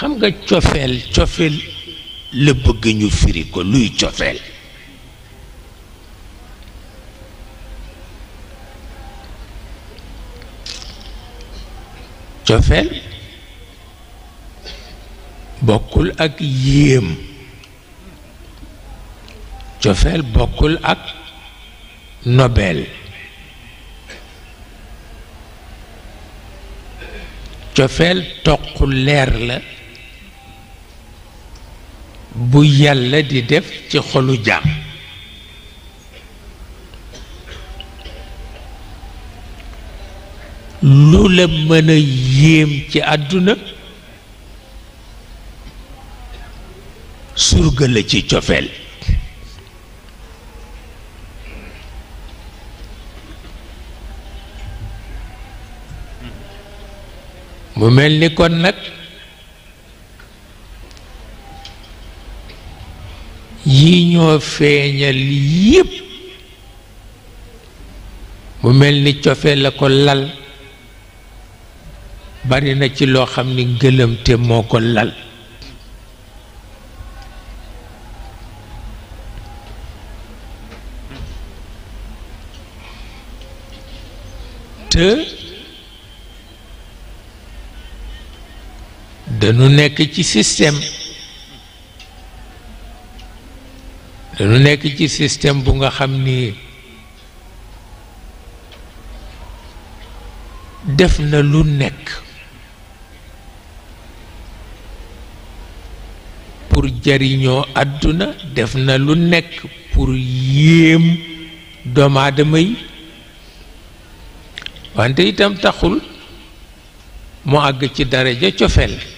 xam nga cofeel cofeel la bëgg ñu firi ko luy cofeel cofeel bokkul ak yéem cofeel bokkul ak nobel cofeel toq leer la bu yàlla di def ci xolu jaam lu la mën a yéem ci àdduna surga la ci cofeel mu mel ni kon nag yi ñoo feeñal yépp mu mel ni cofee la ko lal bari na ci loo xam ni ngëlëmte moo ko lal te dañu nekk ci système dañu nekk ci système bu nga xam ni def na lu nekk pour jariñoo àdduna def na lu nekk pour yéem doomu aadama yi wante itam taxul mu àgg ci daraja cofeel